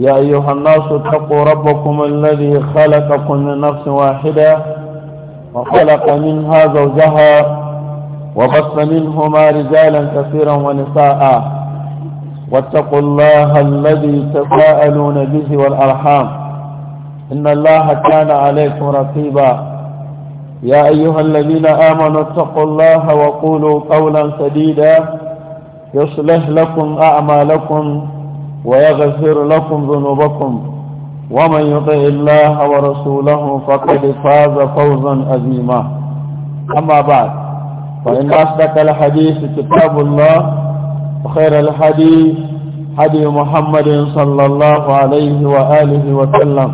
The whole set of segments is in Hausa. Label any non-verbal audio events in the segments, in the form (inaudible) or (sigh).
يا أيها الناس اتقوا ربكم الذي خلقكم من نفس واحدة وخلق منها زوجها وبص منهما رجالا كثيرا ونساء واتقوا الله الذي تساءلون به والأرحام إن الله كان عليكم رقيبا يا أيها الذين آمنوا اتقوا الله وقولوا قولا سديدا يصلح لكم أعمالكم ويغفر لكم ذنوبكم ومن يطع الله ورسوله فقد فاز فوزا عظيما أما بعد فإن أصدق الحديث كتاب الله وخير الحديث حديث محمد صلى الله عليه وآله وسلم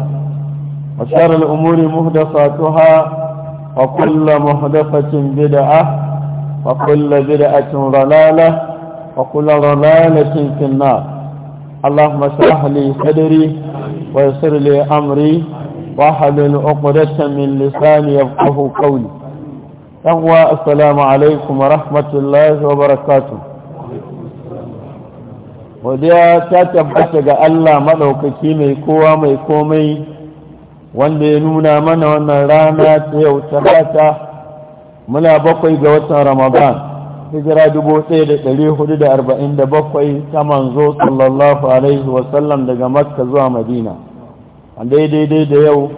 وشر الأمور مهدفاتها وكل محدثه بدعة وكل بدعة ضلالة وكل ضلالة في النار اللهم اشرح لي صدري ويسر لي أمري واحلل عقدة من لساني يفقه قولي يقوى السلام عليكم ورحمة الله وبركاته وديا تتبت ga Allah madaukaki mai kowa mai komai wanda ya nuna mana wannan rana ta yau talata muna bakwai ga watan Ramadan hijira bakwai ta manzo sallallahu alaihi wasallam daga makka zuwa madina a daidai da yau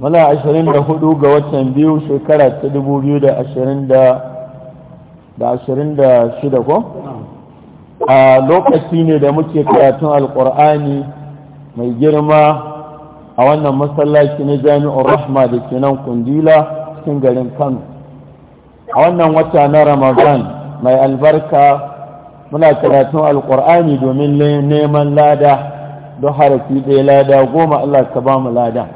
muna hudu ga watan biyu shekara ta dubu biyu da da ashirin shida ko a lokaci ne da muke karatun alkur'ani mai girma a wannan masallaci na jami'ar rahma da ke nan kundila cikin garin kano a wannan wata na ramadan mai albarka muna karatun alkur'ani domin neman lada don harafi ɗaya lada goma allah ka ba mu lada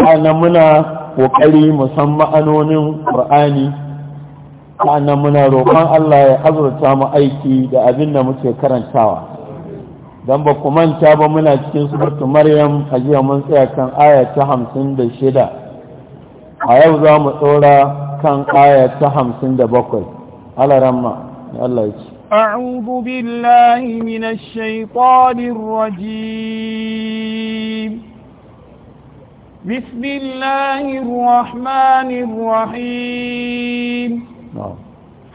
sa'annan muna ƙoƙari musamman ma'anonin ƙur'ani sa'annan muna roƙon allah ya azurta mu aiki da abin da muke karantawa don ba ku manta ba muna cikin suratu maryam a jiya mun tsaya kan aya ta hamsin da shida a yau za mu tsora kan aya ta hamsin da bakwai alaramma Allah ya أعوذ بالله من الشيطان الرجيم بسم الله الرحمن الرحيم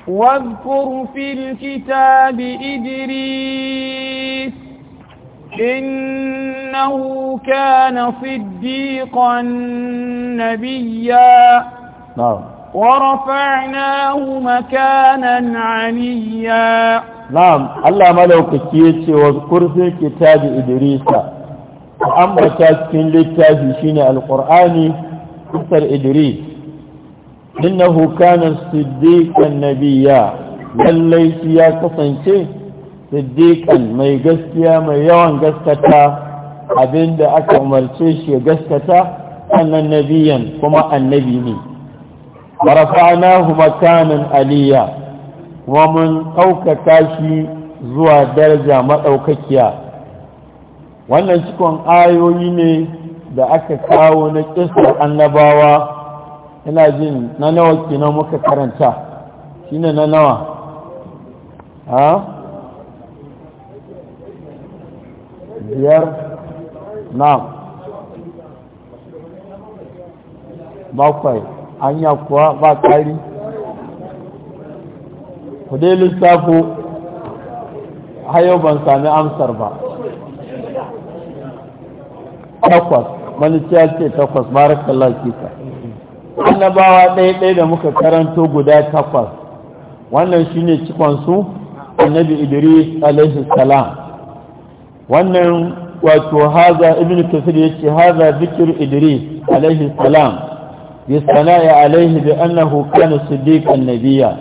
واذكر في الكتاب إدريس إنه كان صديقا نبيا نعم ورفعناه مكانا عليا نعم الله ملوك كيتي واذكر في كتاب إدريس أما تاكين للتاجشين القرآن أثر إدريس إنه كان صديقا نبيا للي سياسة شيء صديقا ما يقسيا ما يوان قسكتا abinda aka umarce shi ya gaskata annan nabiyan kuma annabi ne ورفعناه مكانا عليا ومن kuma mun ɗaukaka shi zuwa daraja maɗaukakiya wannan cikon ayoyi ne da aka kawo na ƙisar annabawa ina jin na nawa kenan muka karanta shine na nawa ha biyar na bakwai hanya kuwa ba ƙari ku dai lissafo hayau ban sami amsar ba takwas maliciya ce takwas barakallah kika annabawa ɗaya-ɗaya da muka karanto guda takwas wannan shine cikonsu annabi idris alaihi salam wannan wato haza ibn kasir ya ce haza zikir idris alaihi salam bisana'i alaihi bi annahu kana siddiqan nabiyya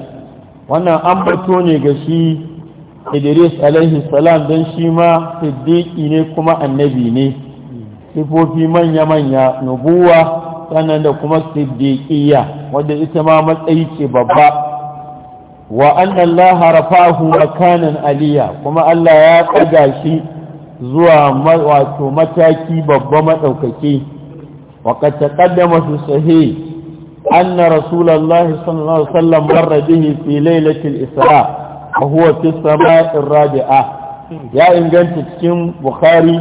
wannan an bato ne ga shi Idris alaihi salam dan shi ma siddiqi ne kuma annabi ne sifofi manya manya nubuwa sannan da kuma siddiqiyya wanda ita ma matsayi ce babba wa anna Allah rafahu makanan aliya kuma Allah ya tsaga shi zuwa wato mataki babba madaukake وقد تقدم في الصحيح أن رسول الله صلى الله عليه وسلم مر به في ليلة الإسراء وهو في السماء الرابعة يا إن كنت تكون بخاري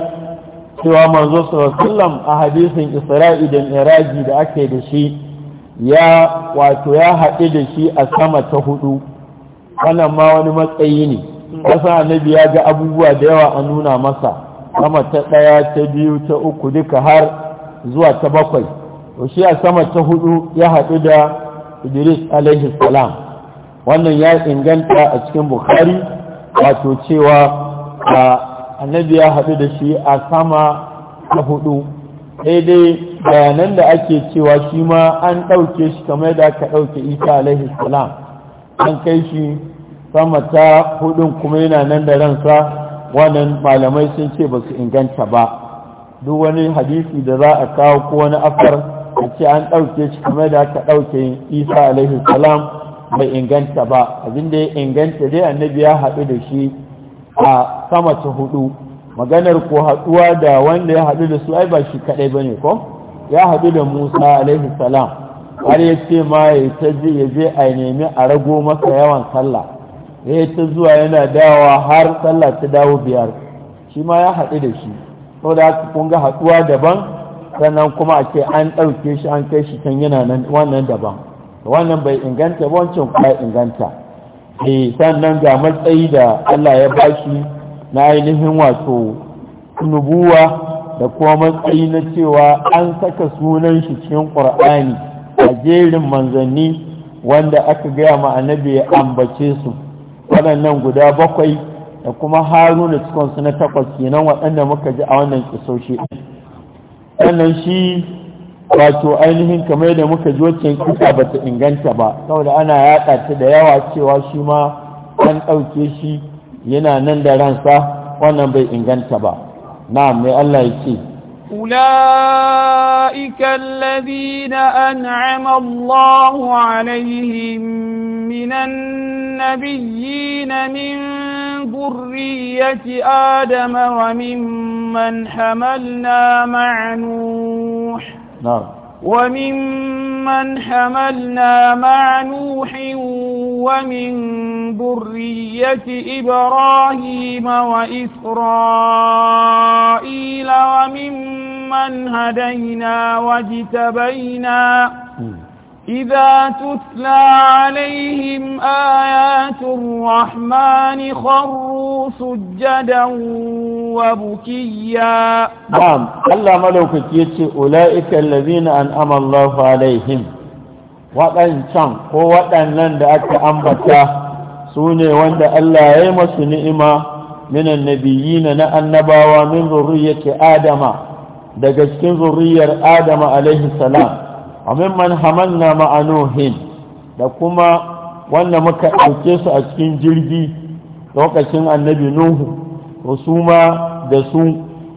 سوى منظور صلى الله عليه وسلم أحاديث إسراء دن إراجي دا أكيد شيء يا واتويا حقيد شيء أسامة تهدو أنا ما ونمت أيني kasa annabi ya ga abubuwa da yawa a nuna masa sama ta ɗaya ta biyu ta uku duka har zuwa ta bakwai to shi a sama ta hudu ya haɗu da idris alaihi salam wannan ya inganta a cikin bukhari wato cewa annabi ya haɗu da shi a sama ta hudu daidai bayanan da ake cewa shi ma an ɗauke shi kamar da aka ɗauke isa alaihi salam an kai shi sama ta hudun kuma yana nan da ransa wannan malamai sun ce ba su inganta ba duk wani hadisi da za a kawo ko wani afar a ce an ɗauke shi kamar da aka ɗauke isa alaihi salam bai inganta ba Abin da ya inganta dai annabi ya haɗu da shi a sama ta hudu maganar ko haɗuwa da wanda ya haɗu da su ai ba shi kaɗai ba ne ko ya haɗu da musa alaihi salam har ya ce ma ya ta je ya je a nemi a rago masa yawan sallah ya ta zuwa yana dawa har sallah ta dawo biyar shi ma ya haɗu da shi saboda su kun ga haduwa daban sannan kuma a ce an ɗauke shi an kai shi kan yana nan wannan daban wannan bai inganta ba wancan kuma inganta eh sannan ga matsayi da Allah ya bashi na ainihin wato nubuwa da kuma matsayi na cewa an saka sunan shi cikin qur'ani a jerin manzanni wanda aka gaya ma annabi ya ambace su waɗannan guda bakwai da kuma haruna cikinsu na takwas kenan waɗanda muka ji a wannan kisoshi wannan shi wato ainihin kamar da muka ji wacce kisa ba ta inganta ba saboda ana yaɗa ta da yawa cewa shi ma an ɗauke shi yana nan da ransa wannan bai inganta ba na mai Allah ya ce أولئك الذين أنعم الله عليهم من النبيين من ذرية آدم وممن حملنا مع نوح نعم وممن حملنا مع نوح ومن ذرية إبراهيم وإسرائيل وممن هدينا واجتبينا إذا تتلى عليهم آيات الرحمن خروا سجدا وبكيا نعم الله ملوك يتي أولئك الذين أنأم الله عليهم وقال شام هو وقال لند أكا سوني وند ألا يمس نئما من النبيين نأن نباوا من ذرية آدم دقشتن ذرية آدم عليه السلام a mimman hamanna ma'anohin da kuma wanda muka ɗauke su a cikin jirgi lokacin annabi nuhu su ma da su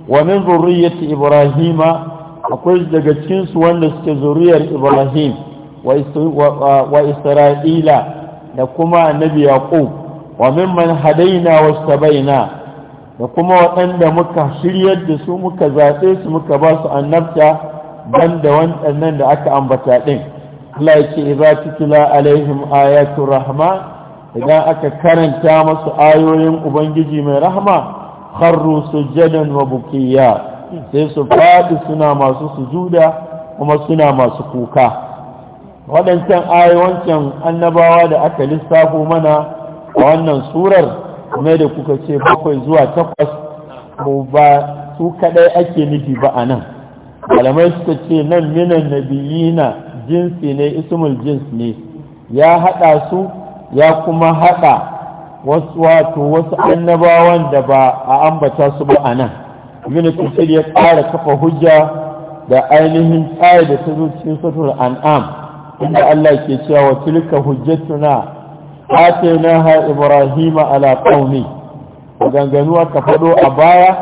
wa min zurriyyati ibrahima akwai daga cikin su wanda suke zuriyar ibrahim wa isra'ila da kuma annabi yaqub wa mimman hadaina wastabaina da kuma waɗanda muka shiryar da su muka zaɓe su muka ba su annabta ban da waɗannan da aka ambata ɗin Allah ya ce iza tutla alaihim ayatu rahma idan aka karanta masu ayoyin ubangiji mai rahma kharru sujadan wa bukiya sai su faɗi suna masu sujuda kuma suna masu kuka waɗancan ayoyin annabawa da aka lissafo mana a wannan surar kuma da kuka ce bakwai zuwa takwas ba su kaɗai ake nufi ba a nan malamai suka ce nan minan nabiyina jinsi ne ismul jins ne ya haɗa su ya kuma haɗa wasu wato wasu annabawan da ba a ambata su ba a nan ibn kusur ya ƙara kafa hujja da ainihin tsari da ta zuci sutur an'am inda Allah ke cewa wa tilka hujjatuna ha ibrahima ala qaumi ganganuwa ka faɗo a baya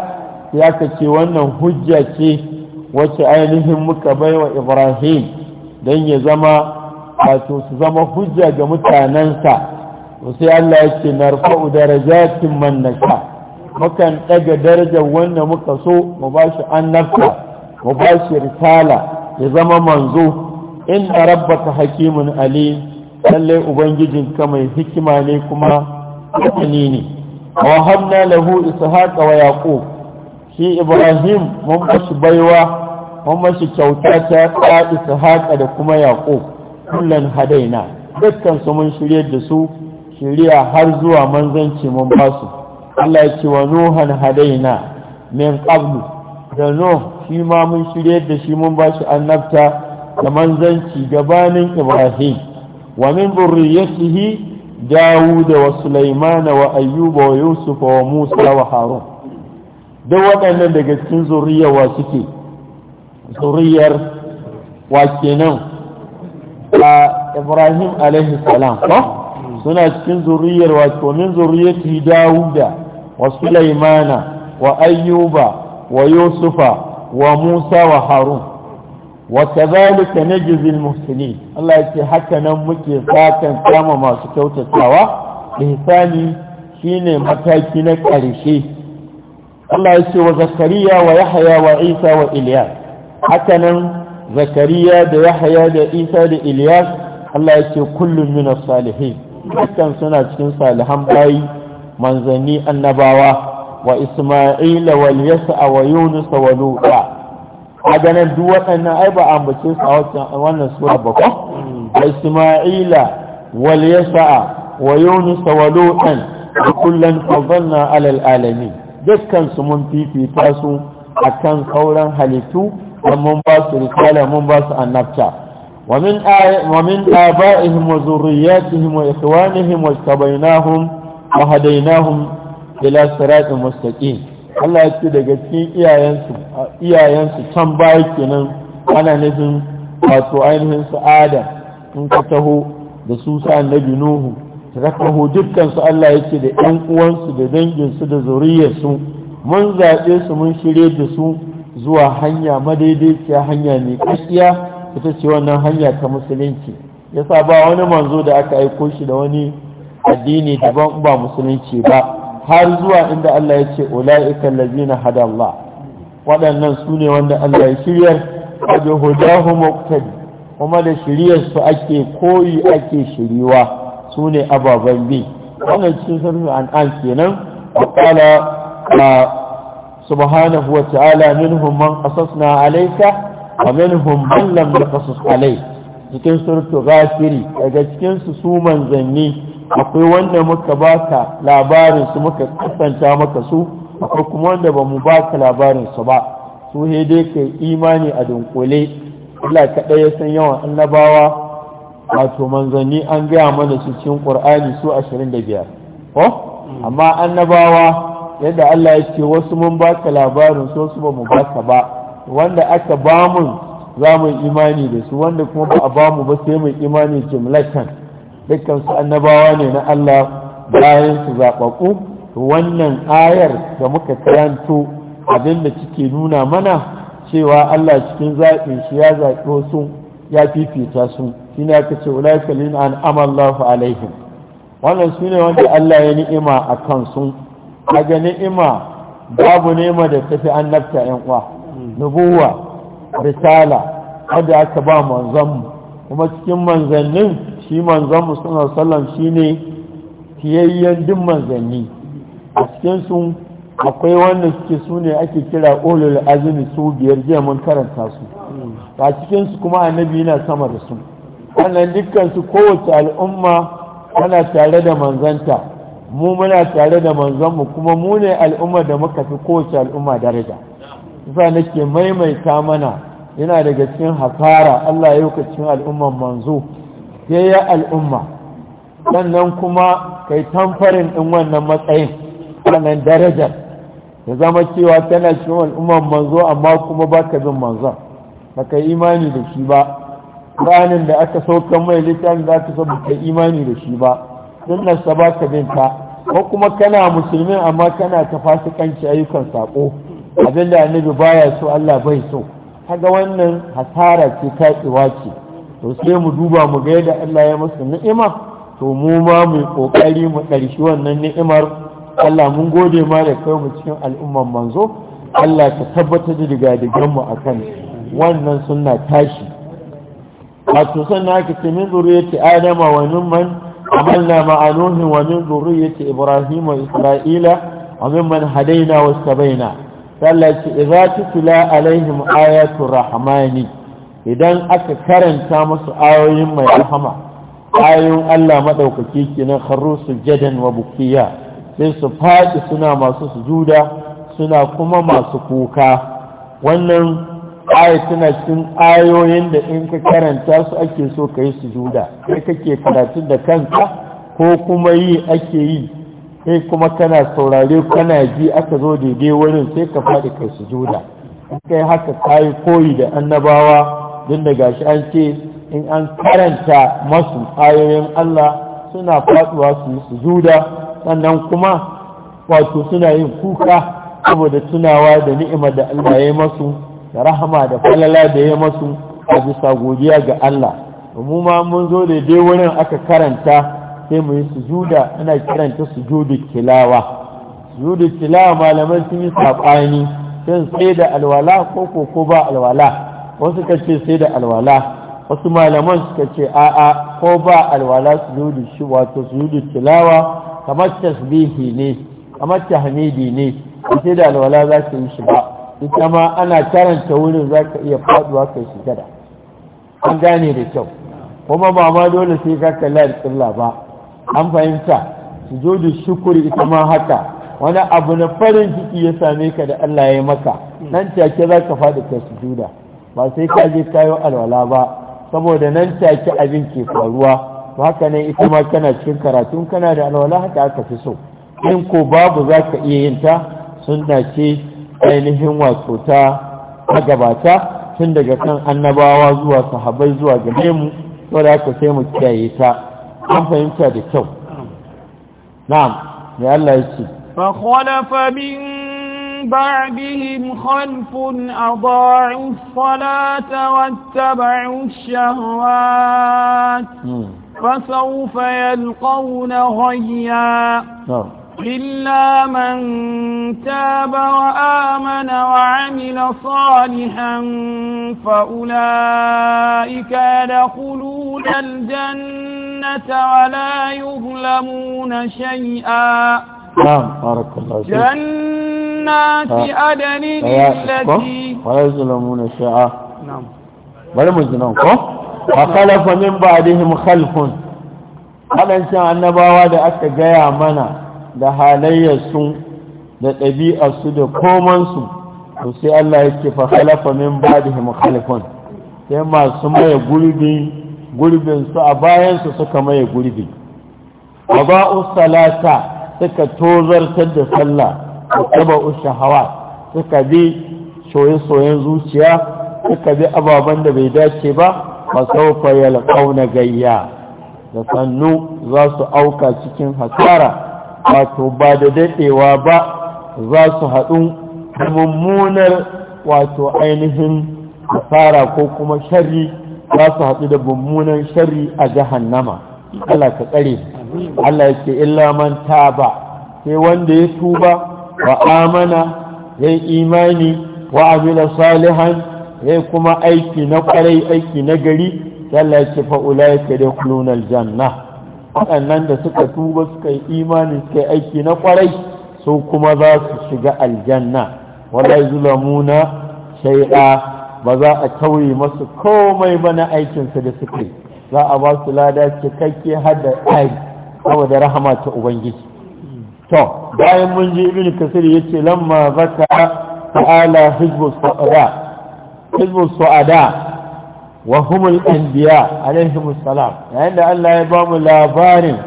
ya ka ce wannan hujja ce wacce ainihin muka baiwa ibrahim don ya zama wato su zama hujja ga mutanensa sai Allah ya ce narfa'u darajatin mannaka nasha mukan daga darajar wanda muka so mu bashi annabta mu bashi risala ya zama manzo inna rabbaka hakimun Ali, lallai ubangijinka mai hikima ne kuma hakini ne wa lahu ishaqa wa yaqub shi ibrahim mun shi baiwa kuma mashi kyauta ta ta haƙa da kuma Yaƙo. kullan hadaina dukkan su mun shirya da su shiriya har zuwa manzanci mun ba su Allah ya ce wa nuhan hadaina min qablu da no shi ma mun shirye da shi mun ba shi annabta da manzanci gabanin ibrahim wa min burriyatihi داود وسليمان وأيوب ويوسف وموسى وهارون da waɗannan daga cikin zuriyarwa suke zuriyar wa kenan a ibrahim alaihi suna cikin zuriyar wato min zuriyati dawuda wa sulaimana wa ayyuba wa yusufa wa musa wa harun wa kadhalika najzi al-muhsinin Allah ce haka nan muke fatan kama masu kyautatawa ihsani shine mataki na ƙarshe Allah ce wa zakariya wa Yahaya wa isa wa Iliya. hakanan zakariya da yahaya da isa da ilyas Allah ya ce kullum min salihin dukkan suna cikin salihan bayi manzanni annabawa wa isma'ila wal yasa wa yunus wa luta ganin duk waɗannan ai ba ambace su a wannan sura ba ko wa isma'ila wal yasa wa yunus wa lutan kullun fadalna alal alamin dukkan su mun fifita su a kan kauran halittu don mun ba su risala mun ba su annabta wa min wa zurriyatihim wa ikhwanihim wa tabainahum wa hadainahum ila siratin mustaqim Allah ya ce daga cikin iyayensu iyayensu can baya kenan ana nufin wato ainihin sa'ada Adam in ka taho da su sa annabi Nuhu Ta dukkan su Allah ya ce da ƴan uwansu da danginsu da zuriyarsu mun zaɓe su mun shirye da su zuwa hanya madaidaiciya hanya mai kashiya ita ce wannan hanya ta musulunci yasa ba wani manzo da aka aiko shi da wani addini daban ba musulunci ba har zuwa inda Allah ya ce ula'ika allazina hada Allah waɗannan su ne wanda Allah ya shirya. a hudahu muqtadi kuma da shiryar su ake koyi ake shiriwa su ne ababen bi wannan cikin sunan an'an kenan wa qala سبحانه وتعالى منهم من قصصنا عليك ومنهم من لم نقصص عليك cikin surtu gafiri daga cikinsu su manzanni akwai wanda muka baka labarinsu muka kasanta maka su akwai kuma wanda ba mu baka labarinsu ba su dai kai imani a dunkule Allah kaɗai ya san yawan annabawa wato manzanni an gaya mana cikin ƙur'ani su ashirin da biyar ko amma annabawa yadda Allah ya ce wasu mun ba ka labarin so su ba mu ba ka ba wanda aka ba mu za mu imani da su wanda kuma ba a ba mu ba sai mu imani jumlatan dukkan su annabawa ne na Allah bayan su zaɓaɓɓu wannan ayar da muka karanto abin da cike nuna mana cewa Allah cikin zaɓin shi ya zaɓi wasu ya fifita su shi ne aka ce wani an amallahu alaihim wannan su ne wanda Allah ya ni'ima a kansu daga ni'ima babu nema da tafi annabta yan uwa nubuwa risala wanda aka ba manzon kuma cikin manzannin shi manzon mu sallallahu alaihi wasallam fiyayyen duk manzanni a cikin su akwai wannan suke su ake kira ulul azumi su biyar jiya mun karanta su a cikin su kuma annabi yana sama da su wannan dukkan su kowace al'umma tana tare da manzanta mu muna tare da manzonmu kuma mu ne al'umma da muka fi kowace al'umma daraja isa nake maimaita mana yana daga cikin hasara Allah ya yi cikin al'umman manzo sai ya al'umma sannan kuma kai tamfarin ɗin wannan matsayin wannan darajar ya zama cewa tana cikin al'umman manzo amma kuma ba ka bin manzon ba ka imani da shi ba ranin da aka saukan mai littafin za ka so imani da shi ba sunnarsa ba ka bin ta ko kuma kana musulmi amma kana ta fasikanci ayyukan sako abinda annabi baya so Allah bai so kaga wannan hasara ce tsiwa ce to sai mu duba mu ga yadda Allah ya masa ni'ima to mu ma mu kokari mu ƙarshi wannan ni'imar Allah mun gode ma da kai mu cikin al'umman manzo Allah ka tabbatar da digadigan mu akan wannan sunna tashi wato sannan aka ce min zuriyyati adama wa man عملنا مع نوح ومن ذرية إبراهيم وإسرائيل وممن هدينا واستبينا فالتي إذا تتلى عليهم آيات الرحمن إذن أكثر تامس آيهم ما يرحمة آيهم ألا maɗaukaki kenan kharru sujadan وبكيا bukiya sai su faɗi suna masu sujuda suna kuma masu kuka wannan ayat tana cikin ayoyin da in ka karanta su ake so ka yi su juda kai kake karatu da kanka ko kuma yi ake yi sai kuma kana saurare kana ji aka zo daidai wurin sai ka faɗi kai sujuda kai haka kayi koyi da annabawa don da gashi an ce in an karanta masu ayoyin Allah suna faɗuwa su yi su juda sannan kuma wato suna yin kuka saboda tunawa da ni'imar da Allah ya yi masu da rahama da falala da ya masu a bisa godiya ga Allah mu ma mun zo da dai wurin aka karanta sai mu yi sujuda ana karanta sujudu tilawa sujudu tilawa malaman sun yi sabani kan sai da alwala ko ko ko ba alwala wasu ka ce sai da alwala wasu malaman suka ce a'a ko ba alwala sujudu shi wato sujudu tilawa kamar tasbihi ne kamar tahmidi ne sai da alwala za ka yi shi ba ita ma ana karanta wurin za ka iya faduwa kai sujada an gane da kyau kuma ba ma dole sai ka kalla da tsilla ba an fahimta sujudu shukuri ita ma haka wani abu na farin ciki ya same ka da Allah ya maka nan take za ka faɗi ka juda ba sai ka je kayo alwala ba saboda nan take abin ke faruwa haka nan ita ma kana cikin karatun kana da alwala haka aka fi so in ko babu za ka iya yin ta sunna ce ainihin wato ta magabata tun daga kan annabawa zuwa sahabai zuwa gare mu wadda aka sai mu kiyaye ta an fahimta da kyau na'am mai Allah ya ce fa khalafa min بعدهم خلف أضاعوا الصلاة واتبعوا الشهوات فسوف يلقون غيا إلا من تاب وآمن وعمل صالحا فأولئك يدخلون الجنة ولا يظلمون شيئا نعم بارك الله فيك جنات آه. عدن التي ولا يظلمون شيئا نعم ولا مظلمون فخلف من بعدهم خلف waɗancan annabawa da aka gaya mana da halayyarsu da ɗabi'arsu da komansu to sai Allah yake fa khalafa min ba'dihim khalifun sai masu maye gurbi gurbin su a bayansu su suka maye gurbi ba'u salata suka tozartar da sallah da taba'u shahawa suka bi soye-soyen zuciya suka bi ababen da bai dace ba fasaufa yalqauna gayya da sannu za su auka cikin hasara wato ba da daɗewa ba za su haɗu da mummunar wato ainihin asara ko kuma shari za su haɗu da mummunan shari a jahannama Allah ka tsare Allah yake illa man taba sai wanda ya tuba wa amana ya imani wa amila salihan ya kuma aiki na ƙwarai aiki na gari Allah yake fa'ula yake da kulunar janna waɗannan da suka tuba suka yi imani suka yi aiki na kwarai su kuma za su shiga aljanna wala zulamuna shai'a ba za a tauye masu komai ba na aikinsu da suka yi za a ba su lada cikakke har da tsari saboda rahama ta ubangiji to bayan mun ji ibn kasir ce lamma zaka ta'ala hizbus su'ada hizbus su'ada wa humul anbiya alaihimu salam yayin da Allah ya ba mu labarin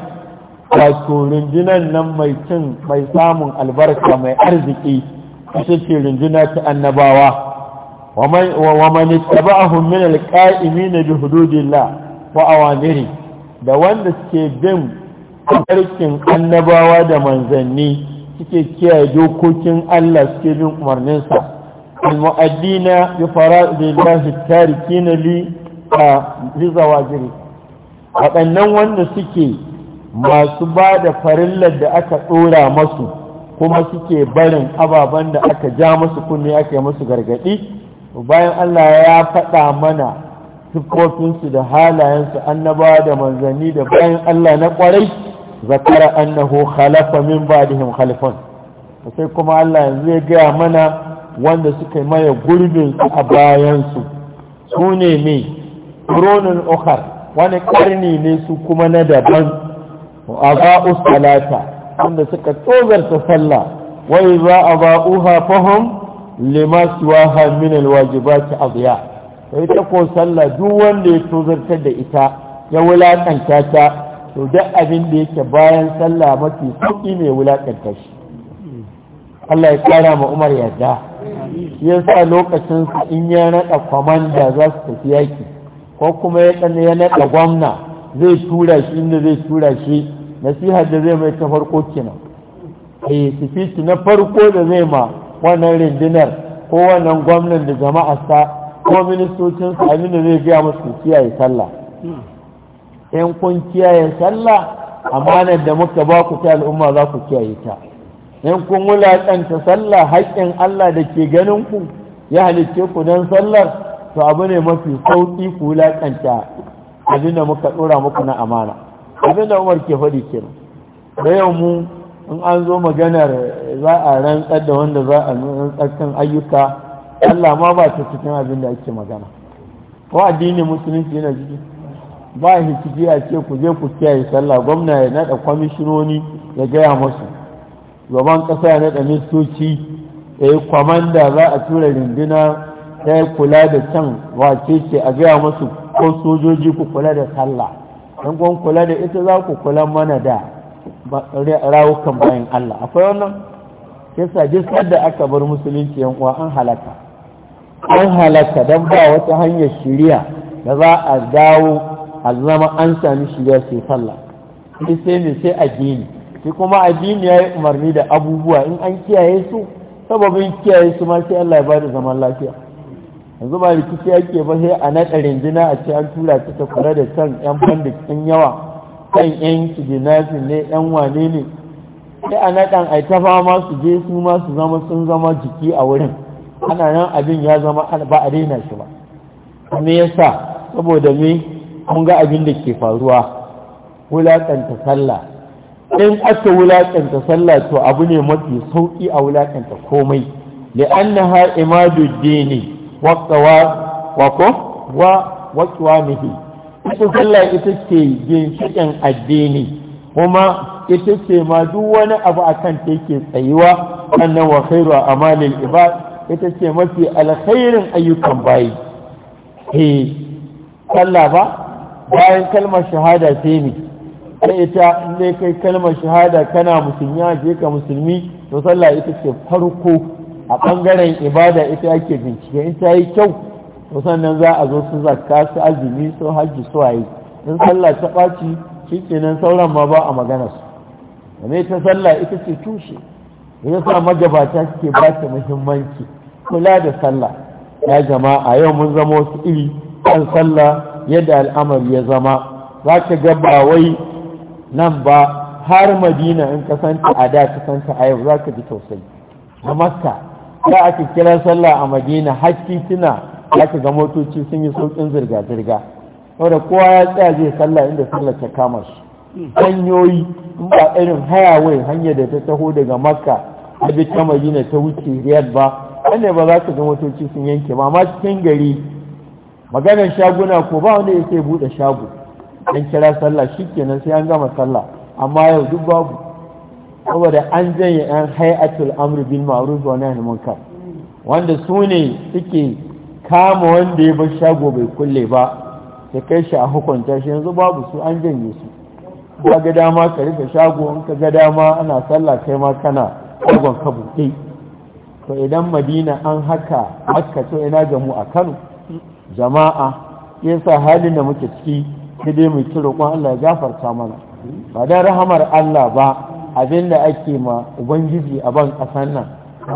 wato rundunan nan mai cin mai samun albarka mai arziki ita ce runduna ta annabawa wa man ittaba'ahum min alqa'imin bi hududillah wa awamiri da wanda suke bin karkin annabawa da manzanni suke kiyaye dokokin Allah suke bin umarninsa المؤدين بفرائض الله التاركين لي لزواجري waɗannan wanda suke masu ba da farillar da aka ɗora masu kuma suke barin ababen da aka ja masu kunne aka yi masu gargaɗi bayan Allah ya faɗa mana siffofinsu da halayensu annaba da manzanni da bayan Allah na ƙwarai zakara annahu khalafa min ba'dihim khalifan sai kuma Allah yanzu ya gaya mana wanda suka maye gurbin su a bayansu su ne mai ƙuronin okar wani ƙarni ne su kuma na daban a ba'u salata wanda suka tsogarta sallah wai za a ba'u fahim lima suwaha min alwajibati adiya sai ta ko sallah duk wanda ya tozartar da ita ya wulakanta ta to duk abin da yake bayan sallah mafi sauƙi mai wulakanta shi Allah ya kara ma Umar yadda shi yasa lokacin su in ya naɗa kwamanda za su tafi yaki ko kuma ya ya naɗa gwamna zai tura shi inda zai tura shi nasihar da zai mai ta farko kenan tafi eh, sifici na farko da zai ma wannan rundunar ko wannan gwamnan da jama'a sa ko ministocin su abin da zai biya musu kiyaye sallah in kun kiyaye sallah amanar da muka ba ku ta al'umma za ku kiyaye ta in kun wulaƙanta sallah haƙƙin Allah da ke ganin ku ya halicce ku don sallar to abu ne mafi sauƙi ku wulaƙanta abin da muka ɗora muku na amana abin da umar ke faɗi ke da yau mu in an zo maganar za a rantsar da wanda za a rantsar kan ayyuka Allah ma ba ta cikin abin da ake magana ko addinin musulunci yana ciki ba shi ciki a ce ku je ku kiyaye sallah gwamna ya naɗa kwamishinoni ya gaya musu zaman ƙasa na da mistoci ya kwamanda za a tura rindina ta yi kula da can wace ce a gaya masu ko sojoji ku kula da sallah don kun kula da ita za ku kula mana da rawukan bayan Allah akwai wannan kisa jisar da aka bar musulunci yan uwa an halaka an halaka don ba wata hanyar shirya da za a dawo a zama an sami shirya sai sallah sai sai a gini shi kuma addini ya yi umarni da abubuwa in an kiyaye su sababin kiyaye su ma sai Allah ya da zaman lafiya yanzu ba rikici ake ba sai a naɗa rinjina a ce an tura su ta kula da kan yan bandit ɗin yawa kan yan kidinafi ne yan wane ne sai a naɗan a ta fama su je su ma su zama sun zama jiki a wurin ana nan abin ya zama ba a daina shi ba me yasa saboda me mun ga abin da ke faruwa wulaƙanta sallah in aka wulaƙanta sallah to abu ne mafi sauƙi a wulaƙanta komai li'annaha imadu dini waqwa waqo wa mihi ita sallah ita ce ginshiƙin addini kuma ita ce ma duk wani abu a ta yake tsayuwa sannan wa khairu amalil ibad ita ce mafi alkhairin ayyukan bayi eh sallah ba bayan kalmar shahada sai ne da ita in dai kai kalmar shahada kana musulmi a je ka musulmi to sallah ita ce farko a bangaren ibada ita ake bincike in ta yi kyau to sannan za a zo su zakka su azumi su hajji su waye in sallah ta ɓaci shikenan sauran ma ba a magana su ne ta sallah ita ce tushe da yasa magabata suke ba ta muhimmanci kula da sallah ya jama'a yau mun zama wasu iri kan sallah yadda al'amari ya zama za ka ga ba wai nan ba har madina in kasance a da kasanta a yau za ka ji tausayi a makka za a ke kira sallah a madina hakki tuna za ka ga motoci sun yi saukin zirga-zirga saboda kowa ya tsaya zai sallah inda sallah ta kama shi hanyoyi in ba irin wai hanyar da ta taho daga makka a bi ta madina ta wuce riyad ba wanda ba za ka ga motoci sun yanke ba ma cikin gari maganar shaguna ko ba wanda ya sai buɗe shago an kira sallah shikenan sai an gama sallah amma yau duk babu saboda an janye yan hayatul amru bil ma'ruf wa nahyi munkar wanda su ne suke kama wanda ya bar shago bai kulle ba da kai shi a hukunta shi yanzu babu su an janye su ba ga dama ka rufe shago in ka ga dama ana sallah kai ma kana shagon ka buɗe to idan madina an haka makka to ina ga mu a kano jama'a yasa halin da muke ciki sai dai mu ci roƙon Allah ya gafarta mana ba da rahamar Allah ba abin da ake ma ubangiji a ban ƙasan nan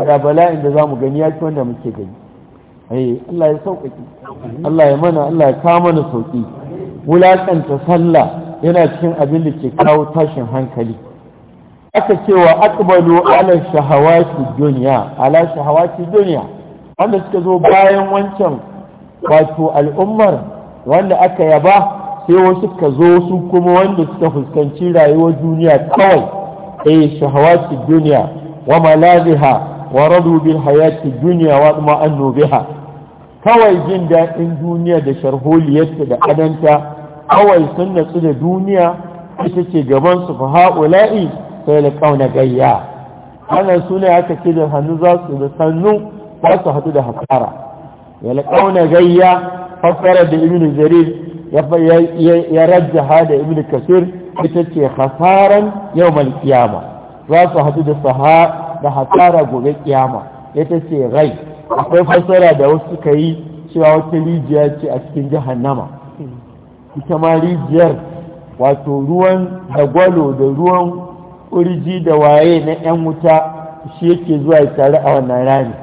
da bala'in da zamu gani ya ci wanda muke gani eh Allah ya sauƙaƙi Allah ya mana Allah ya kawo mana sauƙi wulaƙanta sallah yana cikin abin da ke kawo tashin hankali aka cewa aqbalu ala shahawati dunya ala shahawati dunya wanda suka zo bayan wancan wato al'ummar wanda aka yaba sai wasu ka zo su kuma wanda suka fuskanci rayuwar duniya kawai eh shahawati duniya wa malaziha wa radu hayati duniya wa ma annubiha kawai jin daɗin duniya da sharholiyarta da adanta kawai sun natsu da duniya ita ce gaban su fa haula'i sai da kauna gayya wannan sune aka ce da hannu za su da sannu za su haɗu da hasara ya kauna gayya fassara da ibnu jarir ya rajja da ibn kasir ita ce hasaran yawmal kiyama za su haɗu da saha da hasara gobe kiyama ita ce rai akwai fasara da wasu suka yi cewa wata rijiya ce a cikin jahannama ita ma rijiyar wato ruwan dagwalo da ruwan kurji da waye na 'yan wuta shi yake zuwa tare a wannan rami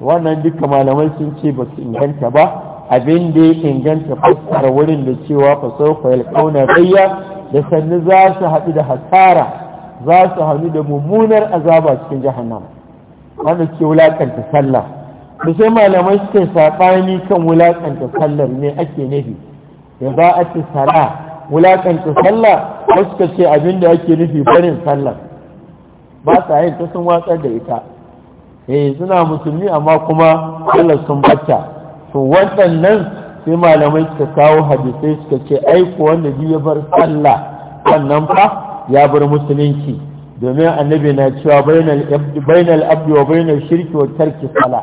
wannan duka malamai sun ce ba su inganta ba abin da ya inganta fuskar wurin da cewa fasaufa yalkauna bayya da sannu za su haɗu da hasara za su hannu da mummunar azaba cikin jahannam wanda ke wulaƙanta sallah da sai malamai suke saɓani kan wulaƙanta sallar ne ake nufi da ba a ci sara wulaƙanta sallah wasu ka ce abin da ake nufi barin sallar ba sa yin ta sun watsar da ita eh suna musulmi amma kuma sallar sun bata to waɗannan sai malamai suka kawo hadisai suka ce aiko wanda biyu bar sallah wannan fa ya bar musulunci domin annabi na cewa bainal abdi wa bainal shirki wa tarki sallah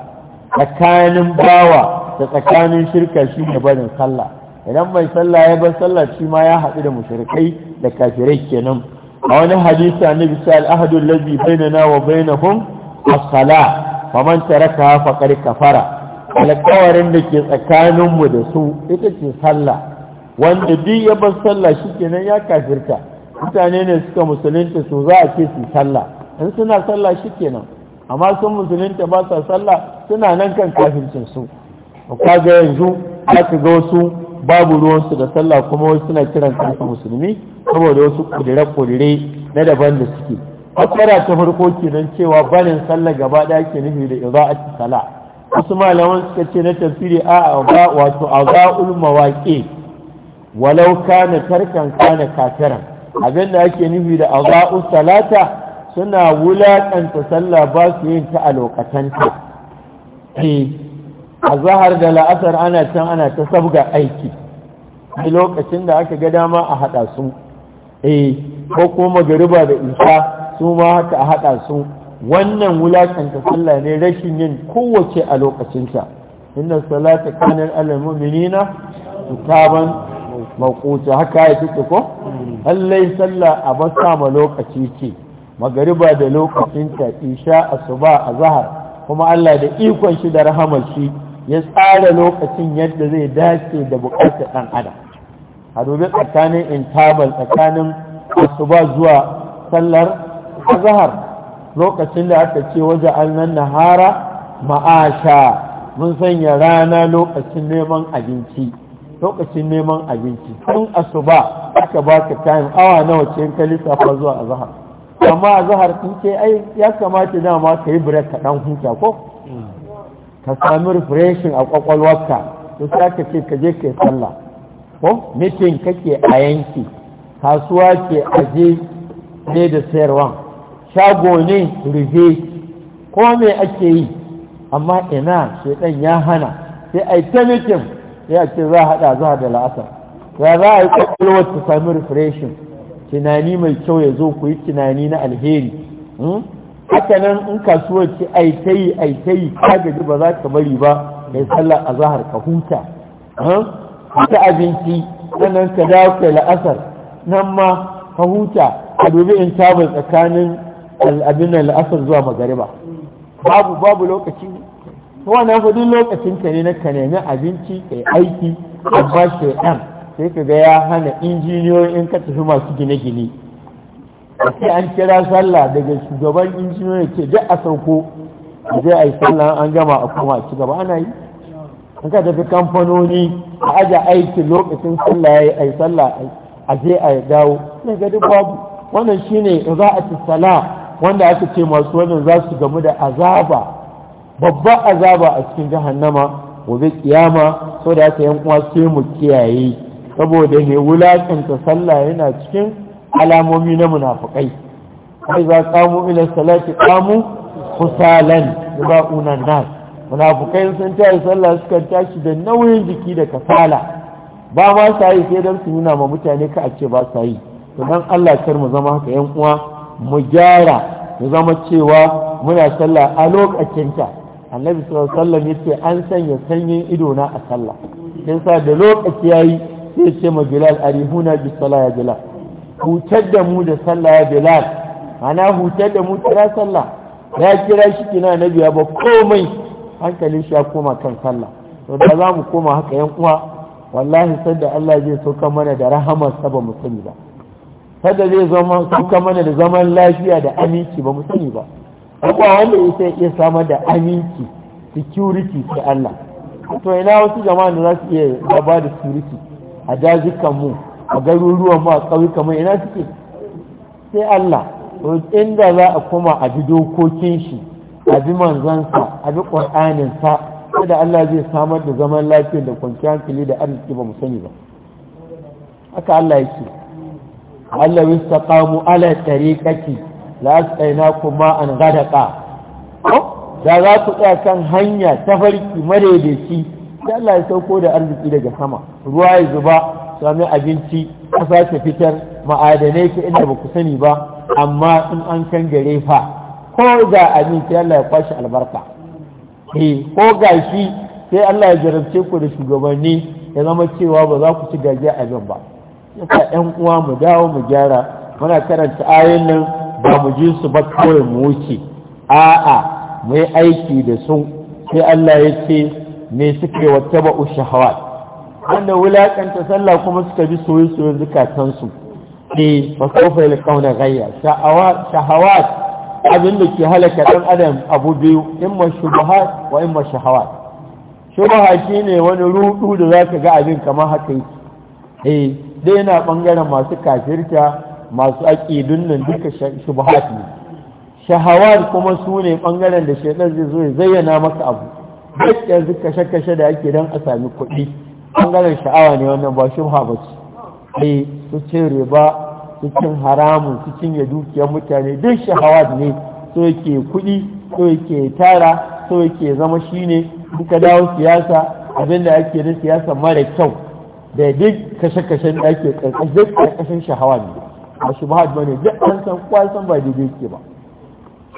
tsakanin bawa da tsakanin shirka shi ne barin sallah idan mai sallah ya bar sallah shi ma ya haɗu da mushrikai da kafirai kenan a wani hadisi annabi sai al-ahadu allazi bainana wa bainahum as-salah faman taraka faqad kafara alƙawarin da ke tsakaninmu da su ita ce sallah wanda duk ya bar sallah shi kenan ya kafirta mutane ne suka musulunta su za a ce su sallah in suna sallah shi kenan amma sun musulunta ba sa sallah suna nan kan kafircin su ka ga yanzu za aka ga wasu babu ruwansu da sallah kuma wasu suna kiran kansu musulmi saboda wasu kudire-kudire na daban da suke fassara ta farko kenan cewa barin sallah gaba ɗaya ke nufi da ci sallah. wasu malaman suka ce na tafsiri a ba wato a ulma waƙe walau kana tarkan kana kafiran abin da ake nufi da a za'ul salata suna wulaƙanta sallah ba su yin ta a lokatanta eh, a zahar da la'asar ana can ana ta sabga aiki a lokacin da aka ga dama a haɗa su eh, ko kuma gariba da isa su ma haka a haɗa su wannan wulakanta sallah ne rashin yin kowace a lokacinta inna salata kanar al-mu'minina kitaban mawquta haka ya fito ko lallai sallah a basa ma lokaci ce magariba da lokacinta isha asuba azhar kuma Allah da ikon shi da rahamar shi ya tsara lokacin yadda zai dace da bukatar dan adam a dubi tsakanin intabal tsakanin asuba zuwa sallar azhar lokacin da aka ce waje annan nahara ma'asha mun sanya rana lokacin neman abinci lokacin neman abinci tun asuba aka baka time awa nawa ce ka lissafa zuwa azhar amma azhar kin ce ai ya kamata dama ka yi break ka dan huta ko ka sami refreshing a kwakwalwarka to sai ka ce ka je ka yi sallah ko meeting kake a yanki kasuwa ke aje ne da sayarwa shago ne rufe ko me ake yi amma ina ɗan ya hana sai a yi ta ya ce za a haɗa za da la'asar ya za a yi kwakwalwar ta sami refreshin tunani mai kyau ya zo ku yi tunani na alheri hmm? haka nan in kasuwar ce a yi ta yi a yi ta yi ka ba za ka bari ba Mai sallah a zahar ka huta ta hmm? abinci sannan ka dawo kai la'asar nan ma ka huta a dubi in tabar tsakanin abin al'asar zuwa magariba babu babu lokaci wannan fa duk lokacin ka ne na ka nemi abinci kai aiki amma ɗan sai ka ga ya hana injiniyoyin in ka tafi masu gine-gine sai an kira sallah daga shugaban injiniyoyi ke duk a sauko zai a yi sallah an gama a kuma ci gaba ana yi an ka tafi kamfanoni a aja aiki lokacin sallah ya yi a yi sallah a je a dawo sai ga duk shine za a ci sallah wanda aka ce masu wannan za su gamu da azaba babban azaba a cikin jahannama gobe kiyama da haka yan kuma sai mu kiyaye saboda ne wulakanta sallah yana cikin alamomi na munafukai. kai za qamu ila salati qamu khusalan unan nas munafikai sun tayi sallah suka tashi da nauyin jiki da kasala ba ma sai sai dan su nuna ma mutane ka a ce ba sai to dan Allah kar mu zama haka yan uwa mu gyara mu zama cewa muna sallah a lokacinta annabi sallallahu alaihi yace an sanya sanyin ido na a sallah sai sa da lokaci yayi sai ce ma bilal arihuna bi sallah ya bilal hutar da mu da sallah ya bilal ana hutar da mu kira sallah ya kira shi kina annabi ya ba komai hankalin shi ya koma kan sallah to da za mu koma haka yan uwa wallahi sadda Allah zai sauka mana da rahamar sa ba mu sani ba kada zai zama sauka mana da zaman lafiya da aminci ba mu sani ba akwai wanda ya sai iya samar da aminci security sai Allah to ina wasu jama'a da za su iya gaba da security a dajikan mu a garuruwan mu a ƙauyukan mu ina suke sai Allah inda za a kuma a bi dokokin shi a bi manzansa a bi sa da Allah zai samar da zaman lafiya da kwanciyar hankali da arziki ba mu sani ba haka Allah yake Allah istaqamu ala tariqati la kuma an ghadaqa da za ku tsaya kan hanya ta farki madaidaici da Allah ya sauko da arziki daga sama ruwa ya zuba sami abinci ka sake fitar ma'adanai ta inda ba ku sani ba amma in an kan gare fa ko ga abinci Allah ya kwashi albarka eh ko ga shi sai Allah ya jarabce ku da shugabanni ya zama cewa ba za ku ci gajiya abin ba yasa ɗan uwa mu dawo mu gyara muna karanta ayoyin nan ba mu ji su ba kawai mu wuce a'a mu yi aiki da su sai Allah ya ce me suke wata ba ushahawat wanda wulakanta sallah kuma suka bi soyayya su ne eh, fa ila kauna gayya sha'awat shahawat abin da ke halaka dan adam abu biyu imma shubuhat wa imma shahawat shubha shine wani rudu da zaka ga abin kamar haka eh ɗaya na ɓangaren masu kafirta masu aƙidun nan duka shubuhat ne shahawar kuma su ne ɓangaren da shaidan zai zo ya zayyana maka abu duk yanzu kashe-kashe da ake don a sami kuɗi ɓangaren sha'awa ne wannan ba shubha ba ce su cin riba su cin haramun su cinye dukiyar mutane duk shahawar ne so yake kuɗi so yake tara so yake zama shine duka dawo siyasa abinda ake na siyasa mara kyau da duk kashe-kashen da ake ƙarƙashin shahawa ne ba shi ba ne duk an san kwasan ba daidai ke ba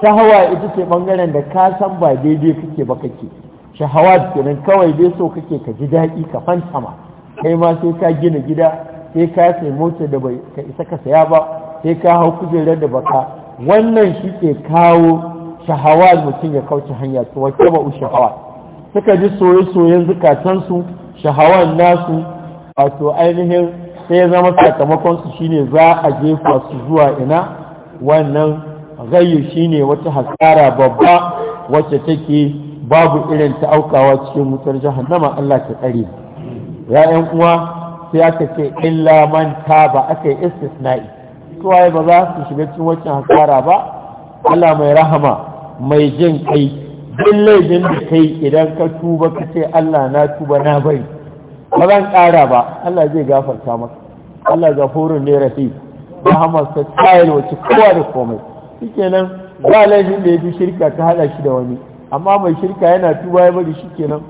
shahawa ita ce ɓangaren da ka san ba daidai kake ba kake shahawa ke nan kawai dai so kake ka ji daɗi ka fantama kai ma sai ka gina gida sai ka sai mota da bai ka isa ka saya ba sai ka hau kujerar da baka wannan shi ke kawo shahawa mutum ya kauce hanya to ke ba shahawa suka ji soye-soyen zukatansu shahawan nasu wato ainihin sai zama sakamakon su shine za a jefa su zuwa ina wannan gayyu shine wata hasara babba wacce take babu irin ta aukawa cikin wutar jahannama Allah ta tsare ya'yan uwa sai aka ce illa man taba aka yi istisna'i waye ba za su shiga cikin wacce hasara ba Allah mai rahama mai jin kai duk laifin da kai idan ka tuba ka ce Allah na tuba na bari ba zan ƙara ba Allah zai gafarta maka Allah gafurun ne rahim rahamarsa ta yalwace kowa da komai shikenan ba laifin da ya fi shirka ta hada shi da wani amma mai shirka yana tuba ya bari shi kenan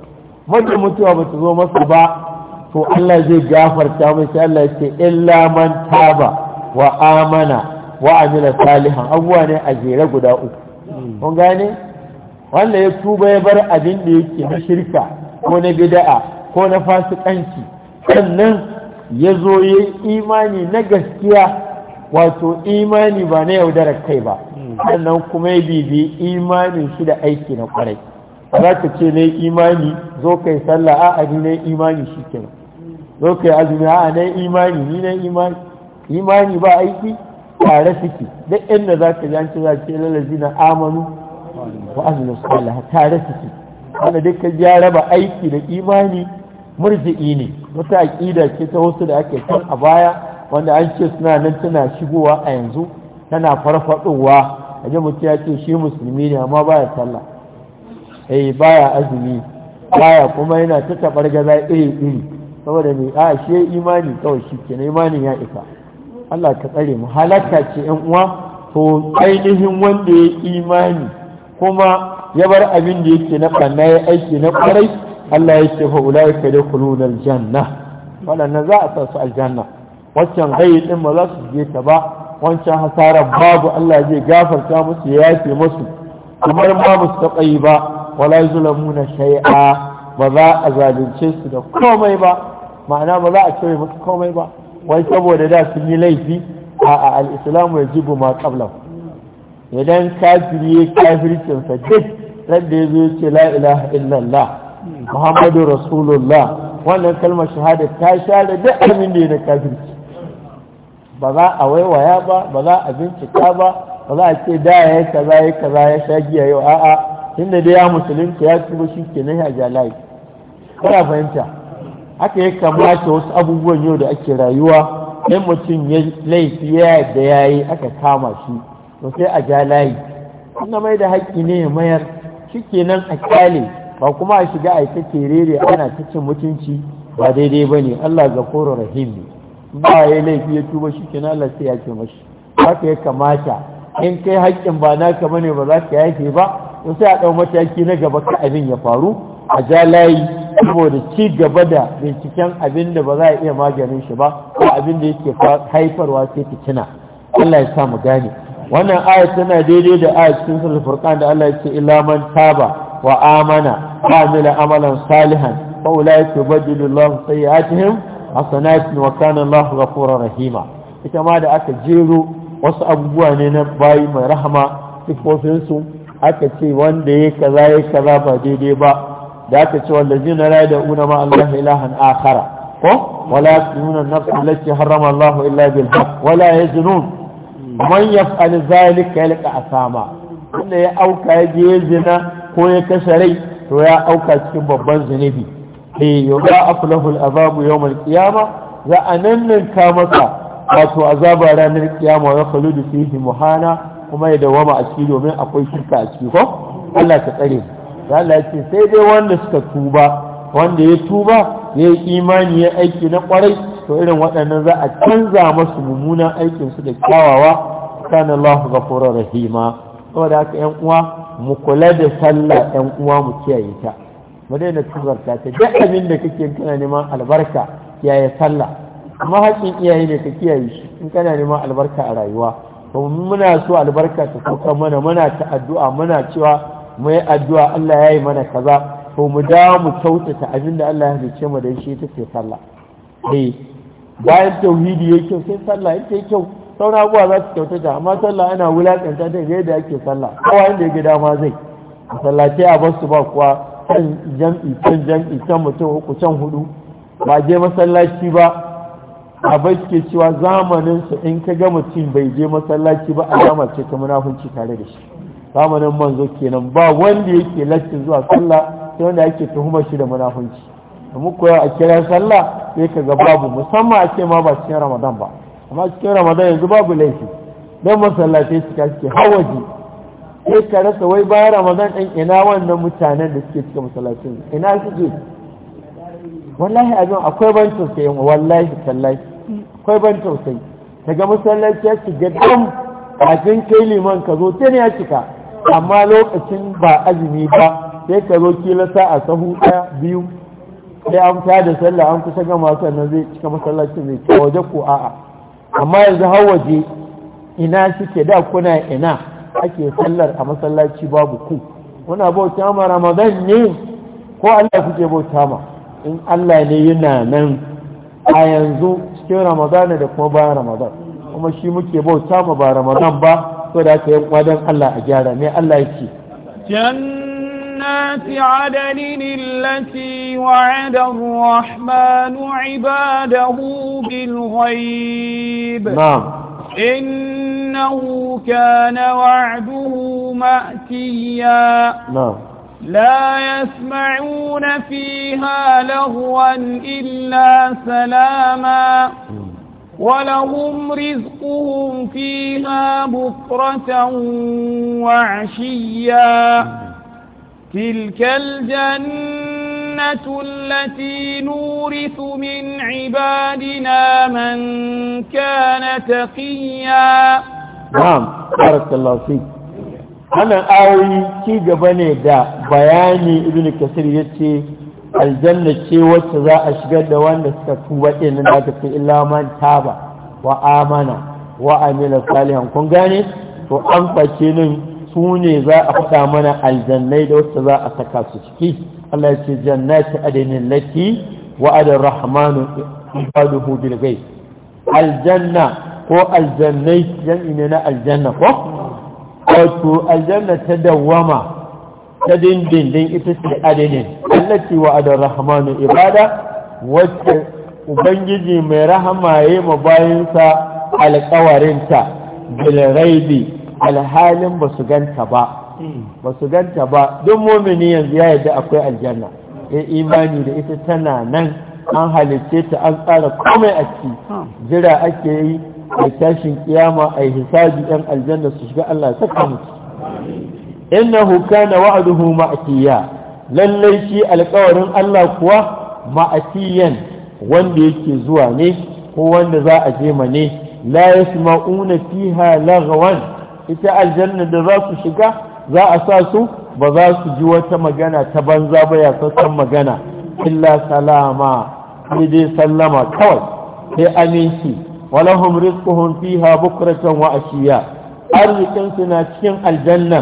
mutuwa ba ta zo masa ba to Allah zai gafarta mai sai Allah ya ce illa man taba wa amana wa amila salihan abuwa ne a jere guda uku kun gane wanda ya tuba ya bar abin da yake na shirka ko na bid'a ko na fasikanci sannan ya zo ya yi imani na gaskiya wato imani ba na yaudara kai ba sannan kuma ya bibi imanin shi da aiki na kwarai za ka ce na imani zo kai sallah a ni na imani shi ke zo kai azumi a na imani ni na imani imani ba aiki tare suke duk inda za ka ji za ce lalazi na amanu wa azumi sallah tare suke wanda duka ya raba aiki da imani murji'i ne wata aƙida ce ta wasu da ake kan a baya wanda an ce suna nan tana shigowa a yanzu tana farfadowa a ji mutum ya ce shi musulmi ne amma baya sallah eh baya azumi baya kuma yana ta taɓar gaza iri iri saboda mai a shi imani kawai shi ke imanin ya isa Allah ka tsare mu halaka ce yan uwa to ainihin wanda ya imani kuma ya bar abin da yake na ɓanna ya aiki na ƙwarai Allah ya ce fa da yadkhuluna aljanna wannan za a sa su aljanna waccan hayi din ba za su je ta ba wancan hasara babu Allah zai gafarta musu ya yafe musu kamar ma musu ta tsayi ba wala zulamuna shay'a ba za a zalunce su da komai ba ma'ana ba za a cire musu komai ba wai saboda da sun yi laifi a al-islamu yajibu ma qablahu idan kafiri kafircin sa duk ran da yazo ya ce la ilaha illallah muhammadu rasulullah wannan kalmar shahada ta share duk abin da ya na kafirci ba za a waiwaya ba ba za a bincika ba ba za a ce da ya yi kaza ya kaza ya sha giya yau a'a inda da ya musulunci ya tuba shi ke nan ya jalai kana fahimta haka ya kamata wasu abubuwan yau da ake rayuwa in mutum ya laifi ya da ya yi aka kama shi to sai a jalai wannan mai da haƙƙi ne ya mayar shi kenan a kyale ba kuma a shiga a ta kerere ana cikin mutunci ba daidai ba ne Allah ga koro rahim ne ba ya laifi ya tuba shi kina Allah sai ya ce mashi haka ya kamata in kai haƙƙin ba ka bane ba za ka yake ba in sai a ɗau mataki na gaba ka abin ya faru a ja layi saboda ci gaba da binciken abin da ba za a iya maganin shi ba ko abin da yake haifarwa sai kina Allah ya sa mu gane wannan aya tana daidai da aya cikin sulhul furqan da Allah ya ce illa man taba wa amana وعمل عملا صالحا فأولئك يبدل الله سيئاتهم حسنات وكان الله غفورا رحيما ita da aka jero wasu abubuwa ne na bayi mai rahama su aka ce wanda ya kaza ya kaza ba daidai ba da aka ce wallazi na rai ma. una ilahan akara ko wala ya fi nuna nafsu Allah illa bil haq wala ya man ya fa'al zalika ya asama wanda ya auka ya je ya zina ko ya kashe rai to ya auka cikin babban zunubi eh yau za aflahu al'azabu yawmal qiyama za a ka maka wato azaba ranar kiyama wa khaludu fihi muhana kuma ya dawama a cikin domin akwai shirka a ciki ko Allah ta tsare ya Allah ce sai dai wanda suka tuba wanda ya tuba ya yi imani ya aiki na kwarai to irin waɗannan za a canza masu mummunan aikinsu da kyawawa kana Allah ghafurur rahima saboda haka ƴan uwa mu kula da sallah ɗan uwa mu kiyaye ta mu daina tuzarta ta duk abin da kake kana neman albarka kiyaye sallah amma haƙƙin iyaye ne ka kiyaye shi in kana neman albarka a rayuwa to muna so albarka ta sauka mana muna ta addu'a muna cewa mu yi addu'a Allah ya yi mana kaza to mu dawo mu kyautata abin da Allah ya halice mu da shi take sallah eh bayan tauhidi yake sai sallah yake kyau sauran abuwa za su kyautata amma sallah ana wulaƙanta ta yadda ake sallah kowa inda ya gida ma zai sallace a basu ba kuwa can jam'i can jam'i can mutum uku can hudu ba je masallaci ba a bai suke cewa zamanin su in ka ga mutum bai je masallaci ba alama ce ta munafunci tare da shi zamanin manzo kenan ba wanda yake lattin zuwa sallah sai wanda yake tuhumar shi da munafunci da muku a kira sallah sai ka ga babu musamman a ce ma ba cikin ramadan ba amma cikin ramadan yanzu babu laifi don masallatai suka suke hawaji sai ka rasa wai bayan ramadan ɗin ina wannan mutanen da suke cika masallacin ina suke wallahi a abin akwai ban tausayi wallahi tallahi akwai ban tausayi daga masallaci ya shiga dam kafin kai liman ka zo ta ne ya cika amma lokacin ba azumi ba sai ka zo kila sa'a sahu ɗaya biyu sai an fita da sallah an kusa gama sannan zai cika masallacin zai ce waje ko a'a amma yanzu hawaje ina suke da kuna ina ake sallar a masallaci babu ku muna bauta ma ramadan ne ko Allah kuke bauta ma in Allah ne yana nan a yanzu cikin ramadan da kuma bayan ramadan kuma shi muke bauta ma ba ramadan ba saboda haka yan kwadan Allah a gyara ne Allah yake جنات عدن التي وعد الرحمن عباده بالغيب نعم إنه كان وعده مأتيا نعم لا يسمعون فيها لغوا إلا سلاما ولهم رزقهم فيها بكرة وعشيا تلك الجنة التي نورث من عبادنا من كان تقيا نعم بارك الله فيك أنا أوي كي قبني دا بياني ابن كثير يتي aljanna ce wacce za a shigar da wanda suka tuba ɗin da aka ce illa man taba wa amana wa salihan kun gane to an face nin su ne za a faɗa mana aljannai da wacce za a saka su ciki Allah ya ce jannati adinin lati wa adar rahmanu ibaduhu bil ghaib aljanna ko aljannai jami'i ne na aljanna ko wato aljanna ta dawwama ta dindindin ita ce adinin allati wa adar rahmanu ibada wacce ubangiji mai rahama ya yi mabayinsa alƙawarinta bil ghaibi alhalin ba su ganta ba hmm. ba su ganta ba don mumini yanzu ya yadda akwai aljanna ya imani da ita tana nan an halice ta an tsara komai a ciki hmm. jira ake yi a tashin kiyama a hisabi ɗan aljanna su shiga Allah saka mutu huka na wa'aduhu ma'tiya lallai shi alƙawarin Allah kuwa ma'atiyan wanda yake zuwa ne ko wanda za a je ma ne la yasma'una fiha lagwan ita aljanna da za ku shiga za a sa su ba za su ji wata magana ta banza ba ya sassan magana illa salama sai dai sallama kawai sai aminci walahum rizquhum fiha bukratan wa ashiya arzikin su na cikin aljanna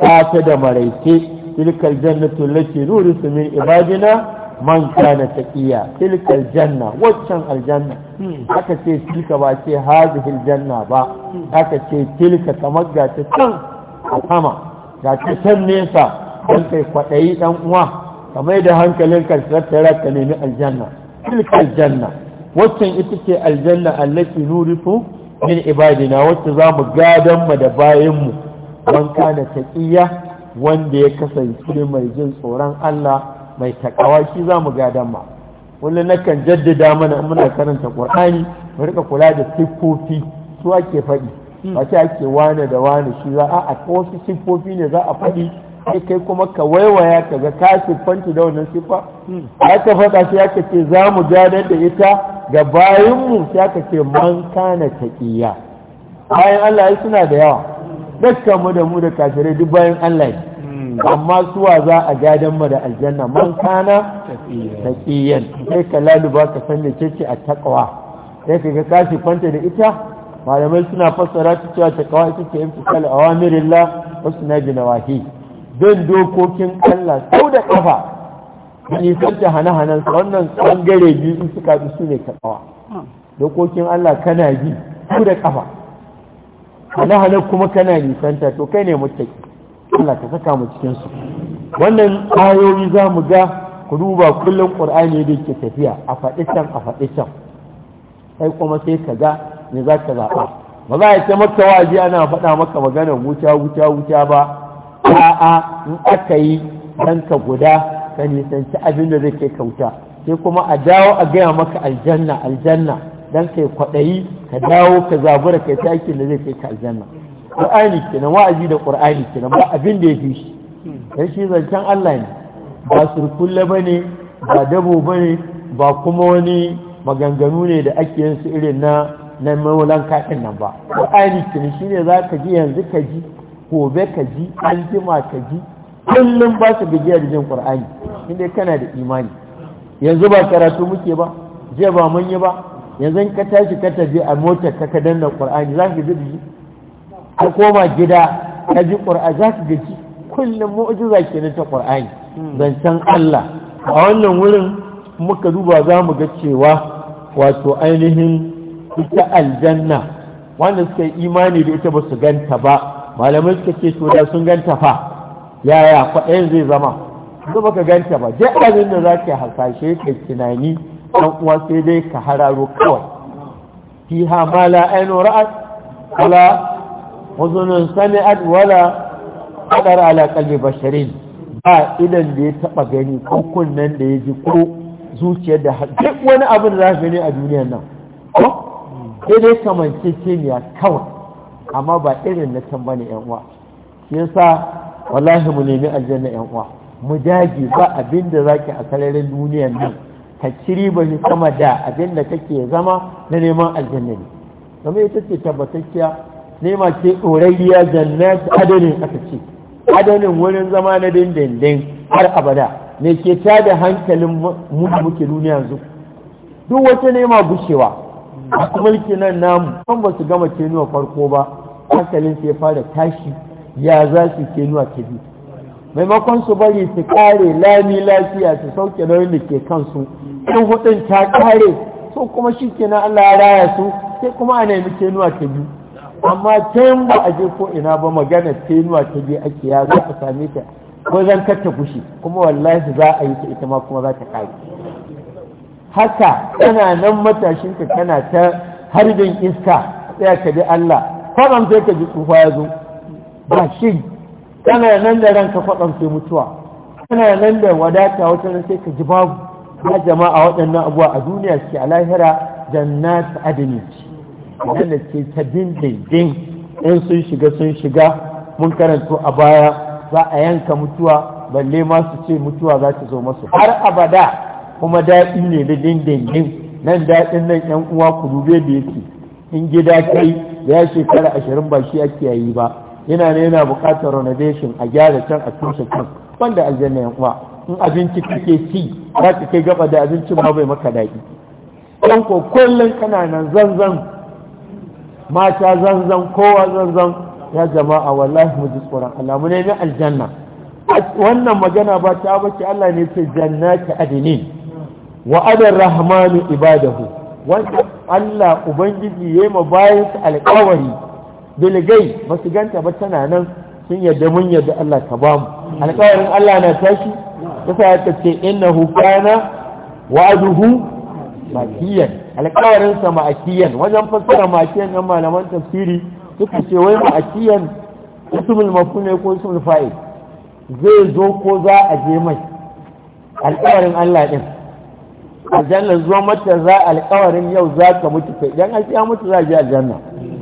ta da maraice tilkal jannatu lati nurisu min ibadina man kana taqiya tilka aljanna waccan aljanna hmm. aka ce tilka ba ce hadhihi aljanna ba hmm. aka ce tilka kamar ga ta can a sama ga ta can nesa dan kai kwadayi dan uwa kamar da hankalin ka tattara ka nemi aljanna tilka aljanna waccan ita ce aljanna allati nurifu min ibadina wacce za mu gadon mu da bayan mu man kana taqiya wanda ya kasance mai jin tsoron Allah mai takawa shi za mu gadon ma na nakan jaddada mana in muna karanta ƙwarani mu rika kula da siffofi su ake faɗi hmm. ba ce ake wane da wane shi za a wasu siffofi ne za a faɗi sai kai kuma ka waiwaya ka ga ka siffanci da wannan siffa hmm. aka faɗa sai aka ce za mu gadar da ita ga bayanmu sai aka ce man kana taƙiya bayan Allah ya suna da yawa hmm. dukkan da mu da kafirai duk bayan Allah ne amma suwa za a gadon mu da aljanna man kana taqiyan sai ka ba ka san ce a taqwa sai ka ga kashi kwanta da ita malamai suna fassara ta cewa taqwa ita ce imtisal awamirillah wasu na nawahi bin dokokin Allah sau da kafa san ta hana-hanan wannan tsangare biyu in suka bi su ne taqwa dokokin Allah kana bi sau da kafa hana-hanan kuma kana nisanta to kai ne mutaki Allah ka saka mu cikin su wannan ayoyi za mu ga ku duba kullum qur'ani da yake tafiya a faɗi can a faɗi can sai kuma sai ka ga me za ka zaɓa ba za a ce maka wa'azi ana faɗa maka magana wuta wuta wuta ba a'a in aka yi dan ka guda ka nisanci abin da zai kai ka wuta sai kuma a dawo a gaya maka aljanna aljanna dan kai kwaɗayi ka dawo ka zabura kai takin da zai kai ka aljanna ƙur'ani kenan wa'azi da ƙur'ani kenan ba abin da ya fi shi dan shi zancen Allah ne ba surkulle ba ne ba dabo ba ne ba kuma wani maganganu ne da ake yin su irin na na maulan kaɗin nan ba ƙur'ani kenan shi ne za ka ji yanzu ka ji gobe ka ji an jima ka ji kullum ba su gajiya da jin ƙur'ani inda kana da imani yanzu ba karatu muke ba jiya ba mun yi ba yanzu ka tashi ka tafi a motar ka ka danna ƙur'ani za ka ji da ka koma gida ka ji ƙur'ani za ka gaji kullum ke kenan ta ƙur'ani hmm. zancen Allah a wannan wurin muka duba za mu ga cewa wato ainihin ita aljanna wanda suka yi imani da ita ba su ganta ba malamai suka ce to da sun ganta fa yaya kwaɗayin zai zama ba baka ganta ba duk abin da za ka hasashe ka tunani ɗan uwa sai dai ka hararo kawai fiha ma la ainu wala uzunin sami'at wala qadar ala basharin ba idan da ya taba gani ko kunnan da ya ji ko zuciyar da duk wani abin da gani a duniyan nan ko sai dai kamance kimiyya kawai amma ba irin na can bane yan uwa shi yasa wallahi mu nemi aljanna yan uwa mu dage ba abin da zaki a sararin duniyar nan ka ciri ba ni sama da abin da kake zama na neman aljanna ne kuma ita ce tabbatacciya nema ce ɗorayya jannat adanin aka ce adanin wurin zama na dindindin har abada me ke da hankalin mu muke duniya yanzu duk wata nema gushewa a mulki nan namu an ba su gama nuwa farko ba hankalin sai fara tashi ya za su nuwa ta biyu maimakon su bari su kare lami lafiya su sauke nauyin da ke kansu in hudun ta kare so kuma shi kenan Allah ya raya su sai kuma a nemi nuwa ta biyu amma can ba a je ko ina ba magana tenuwa ta je ake ya za ka same ta ko zan ta fushi kuma wallahi za a yi ta ita ma kuma za ta kai haka kana nan matashin ka kana ta harbin iska tsaya ka ji Allah kwaɗan sai ka ji tsufa ya zo ba shi kana nan da ranka kwaɗan sai mutuwa kana nan da wadata wata nan sai ka ji babu ba jama'a waɗannan abuwa a duniya suke a lahira jannat adini ce wadanda ce ta dindindin in sun shiga sun shiga mun karanto a baya za a yanka mutuwa balle ma su ce mutuwa za ta zo masu har abada kuma daɗi ne da dindindin nan daɗin nan yan uwa ku dube da yake in gida kai da ya shekara ashirin ba shi ake yi ba yana ne yana buƙatar renovation a gyara can a tushe can wanda aljanna yan uwa in abinci kake ci za ka kai gaba da abincin ma bai maka daɗi yan ko kullum kana nan zanzan mata zanzan kowa zanzan ya jama'a wallahi mu ji tsoron Allah mu nemi aljanna wannan magana ba ta bace Allah ne ce jannati adinin wa adar rahmanu ibadahu wanda Allah ubangiji yayi ma bayin su alƙawari bilgai ba su ganta ba tana nan sun yadda mun yadda Allah ka ba mu alƙawarin Allah na tashi yasa ya ce innahu kana wa'aduhu makiyan sa ma'akiyan wajen fassara ma'akiyan ɗan malaman tafsiri suka ce wai ma'akiyan ismul maf'ul ne ko ismul fa'il zai zo ko za a je mai Alƙawarin Allah ɗin. aljanna zuwa mata za alƙawarin yau za ka mutu kai dan an ya mutu za a je aljanna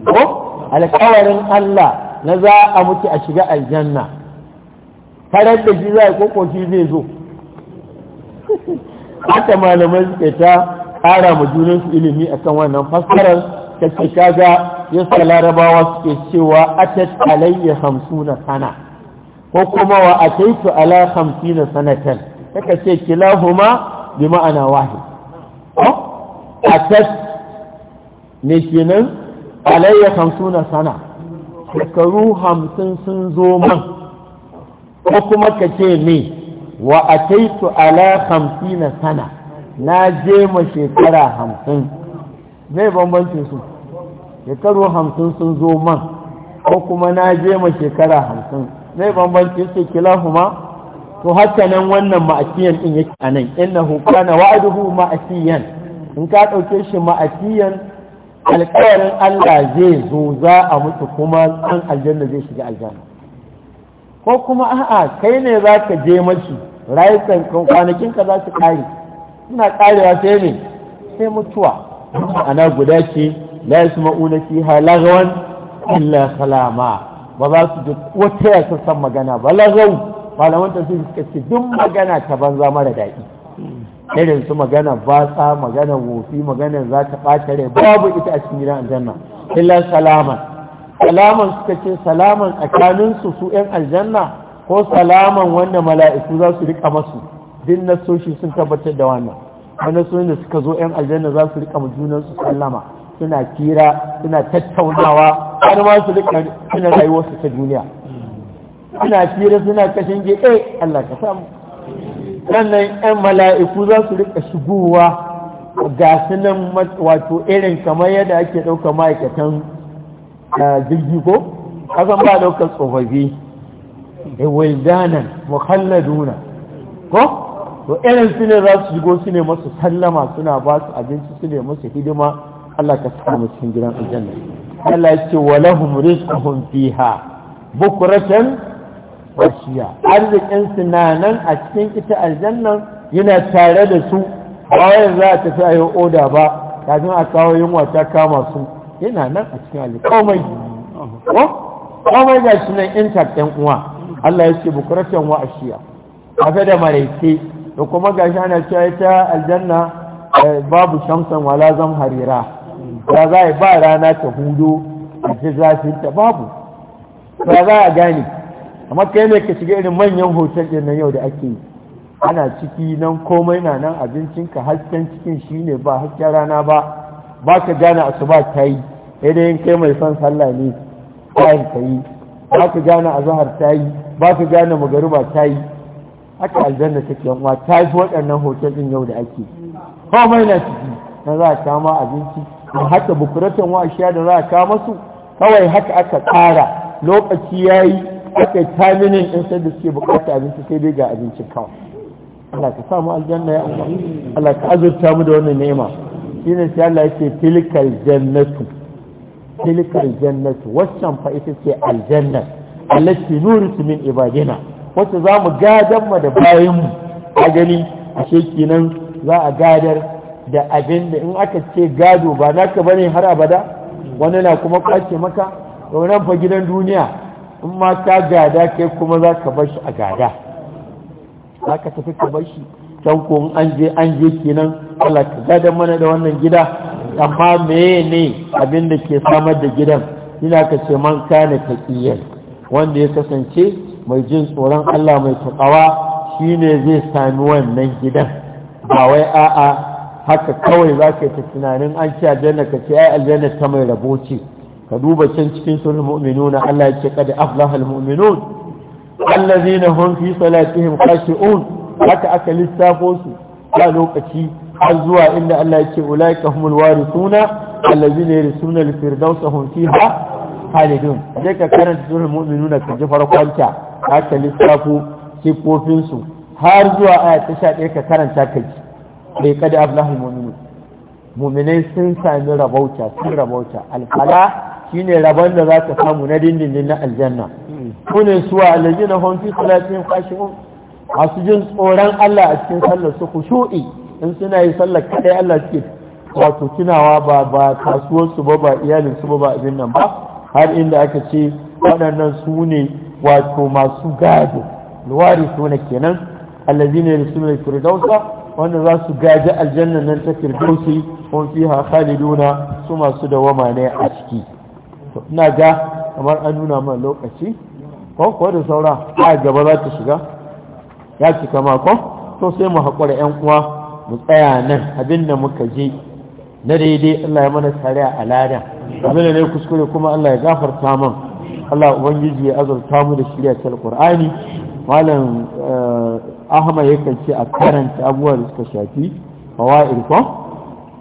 ko alƙawarin Allah na za a mutu a shiga aljanna farar da shi za a kokoshi zai zo (laughs) haka malamai suke ta ƙara junan su ilimi akan wannan fassarar ta kaga sa larabawa suke cewa atat alayya na sana ko kuma wa su ala hamsina sanatan kaka ce 'Kila huma bi ma'ana a ta ne kenan alayya na sana shekaru hamsin sun zo man ko kuma ka ce ne wa su ala na sana na je ma shekara hamsin zai bambancin su shekaru hamsin sun zo man ko kuma na je ma shekara hamsin zai bambancin su kilahuma to haka nan wannan ma'asiyan din yake a nan innahu na wa'aduhu ma'asiyan in ka ɗauke shi ma'asiyan alƙawarin Allah zai zo za a mutu kuma an aljanna zai shiga aljanna ko kuma a'a kai ne za ka je mashi rayukan kwanakinka za su ƙare suna karewa sai ne sai mutuwa ana guda ce la yasma'una fiha lagawan illa salama ba za su ji wata ya san magana ba lagau malaman ta ce duk magana ta banza mara daɗi irin su magana batsa magana wofi magana za ta ɓata rai babu ita a cikin gidan aljanna illa salaman salaman suka ce salaman tsakaninsu su 'yan aljanna ko salaman wanda mala'iku za su rika masu din nasoshi sun tabbatar da wannan wani sun da suka zo yan aljanna za su rika mujunan su sallama suna kira suna tattaunawa har ma su rika suna rayuwar su ta duniya suna kira suna kashin ge eh Allah ka samu sannan yan mala'iku za su rika shigowa ga su wato irin kamar yadda ake ɗauka ma'aikatan jirgi ko kasan ba ɗaukar tsofaffi da wildanan muhalladuna ko to irin su ne za su shigo su ne masu sallama suna ba su abinci su ne masu hidima Allah ka sa mu cikin gidan aljanna Allah ya ce walahum lahum rizquhum fiha bukratan wa shiya arzikin su na nan a cikin ita aljanna yana tare da su bayan za ta fi yi oda ba kafin a kawo yunwa ta kama su yana nan a cikin alƙawmai komai ga shi nan intact ɗan uwa Allah ya ce bukratan wa ashiya kafe da maraice da kuma gashi ana cewa ita aljanna eh, babu shamsan wala zam harira Da za a ba rana ta hudu a ci zafin ta babu Da za a gane amma kai ne ka shiga irin manyan hotel ɗin nan yau da ake ana ciki nan komai na nan abincin ka hasken cikin shine ba hasken rana ba ba ka gane asuba ta yi idan kai mai son sallah ne ba ta yi ba ka gane azahar ta yi ba ka gane magaruba ta yi haka aljanna take uwa ta fi waɗannan hoton ɗin yau da ake komai na ciki na za a kama abinci a haka bukuratan wa da za a kama su kawai haka aka tsara lokaci ya yi aka yi taminin ɗin sai da suke bukata abinci sai dai ga abincin kawai Allah ka samu aljanna ya Allah Allah ka azurta mu da wannan nema shi ne sai Allah yake tilkal jannatu tilkal jannatu waccan fa ita ce aljanna allati nuritu min ibadina wacce za mu gadar ma da bayanmu a gani a kenan za a gadar da abin da in aka ce gado ba naka bane har abada wani na kuma kwace maka nan fa gidan duniya in ma ka gada kai kuma za ka bar shi a gada za ka tafi ka bar shi can ko an je an je kenan Allah ka gadar mana da wannan gida amma ne abin da ke samar da gidan ina ka ce man kana taqiyyan wanda ya kasance mai jin tsoron Allah mai shi shine zai sami wannan gidan ba wai a'a haka kawai za ka yi ta tunanin an ce aljanna ka ce ai aljanna ta mai rabo ce ka duba can cikin sunan na Allah ya ce kada aflaha almu'minun allazina hum fi salatihim khashi'un haka aka lissafo su a lokaci har zuwa inda Allah ya ce ulaika humul warithuna ne yarisuna alfirdausa hum fiha khalidun sai ka karanta sura mu'minuna ka ji farkonta ta lissafu sifofin su har zuwa aya ta 11 ka karanta ka ji bai kada aflahul mu'minun mu'minai sun sami rabauta sun rabauta alfala shine rabon da za ka samu na dindindin na aljanna kune suwa alladina hum fi salatihim khashi'un masu jin tsoron Allah a cikin sallar su khushu'i in suna yi sallar kadai Allah suke wato tunawa ba ba su ba ba iyalinsu ba ba abin nan ba har inda aka ce waɗannan su ne wato masu gado luwari suna kenan allazi ne da suna firdausa wanda za su gaji aljanna nan ta firdausi kun fi ha khaliduna su masu dawama ne a ciki ina ga kamar an nuna man lokaci ko ko da saura a gaba za ta shiga ya cika makon to sai mu haƙura 'yan uwa mu tsaya nan abin da muka je na daidai Allah ya mana tsari a lada abin da ne kuskure kuma Allah ya gafarta man Allah ubangiji ya azurta mu da shirya ta alqur'ani malam eh, ahmad yakan ce a karanta abubuwa da suka shafi fawaid ko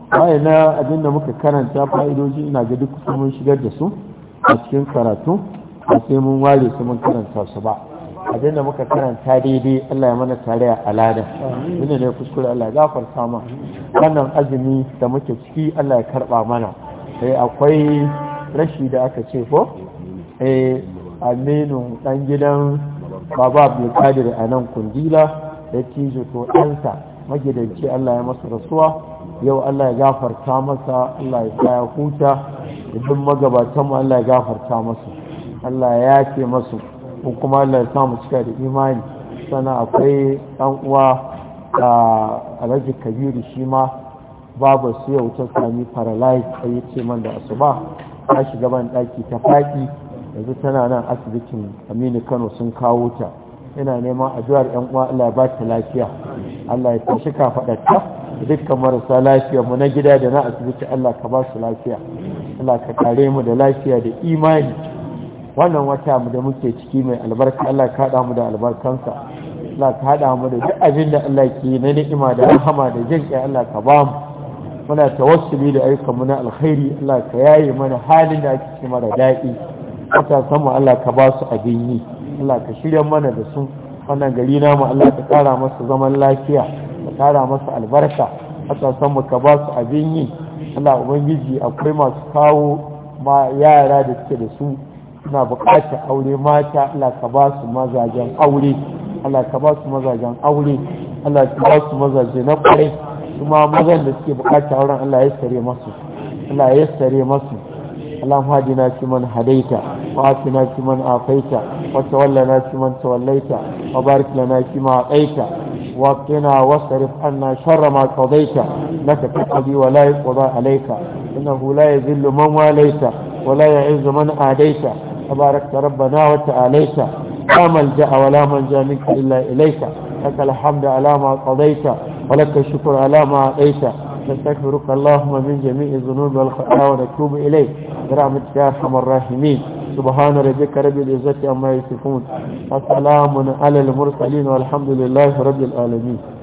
fawaid na abin da muka karanta fa'idoji ina ga duk mun shigar da su a cikin karatu sai mun ware su mun karanta su ba abin da muka karanta daidai Allah ya mana tare a alada inda ne kuskure Allah ya gafar ma wannan azumi da muke ciki Allah ya karba mana sai eh, akwai rashi da aka ce ko eh aminu dan gidan baba abdulkadir a nan kundila da tijo to ɗansa magidanci Allah ya masa rasuwa yau Allah ya gafarta masa Allah ya kaya huta idan magabatan mu Allah ya gafarta masu Allah ya ce masu kuma Allah ya samu cika da imani sannan akwai ɗan uwa a alhaji kabiru shi ma babu su ya wuce sami paralyze a yi ce man da asuba ta shiga ban ɗaki ta faɗi yanzu tana nan asibitin aminu kano sun kawo ta ina neman addu'ar yan uwa Allah ya ba ta lafiya Allah ya tashi kafaɗarta dukkan marasa lafiya mu na gida da na asibiti Allah ka ba su lafiya Allah ka kare mu da lafiya da imani wannan wata mu da muke ciki mai albarka Allah ka haɗa mu da albarkansa Allah ka haɗa mu da duk abin da Allah ke na ni'ima da rahama da jin kai Allah ka ba mu muna tawassuli da ayyukan mu na alkhairi Allah ka yaye mana halin da ake mara daɗi san mu Allah ka ba su abin yi Allah ka shirya mana da su wannan gari mu Allah ka tsara masa zaman lafiya ka tsara masa albarka san mu ka ba su abin yi Allah ubangiji akwai masu kawo ma yara da suke da su suna buƙatar aure mata Allah ka ba su mazajen aure Allah ka ba su mazajen aure Allah ka ba su mazaje na kwarai kuma mazan da suke buƙatar auren Allah ya sare masu Allah ya sare masu اللهم هدنا فيمن هديت وعافنا فيمن عافيت وتولنا فيمن توليت وبارك لنا فيما اعطيت وقنا واصرف عنا شر ما قضيت لك تقضي ولا يقضى عليك انه لا يذل man واليت ولا يعز من عاديت تبارك ربنا وتعاليك لا ملجأ ولا منجا منك إلا إليك لك الحمد على ما قضيت ولك الشكر على ما أعطيت نستغفرك اللهم من جميع الذنوب والخطايا ونتوب إليك برحمتك يا أرحم الراحمين سبحان ربك رب العزة عما يصفون وسلام على المرسلين والحمد لله رب العالمين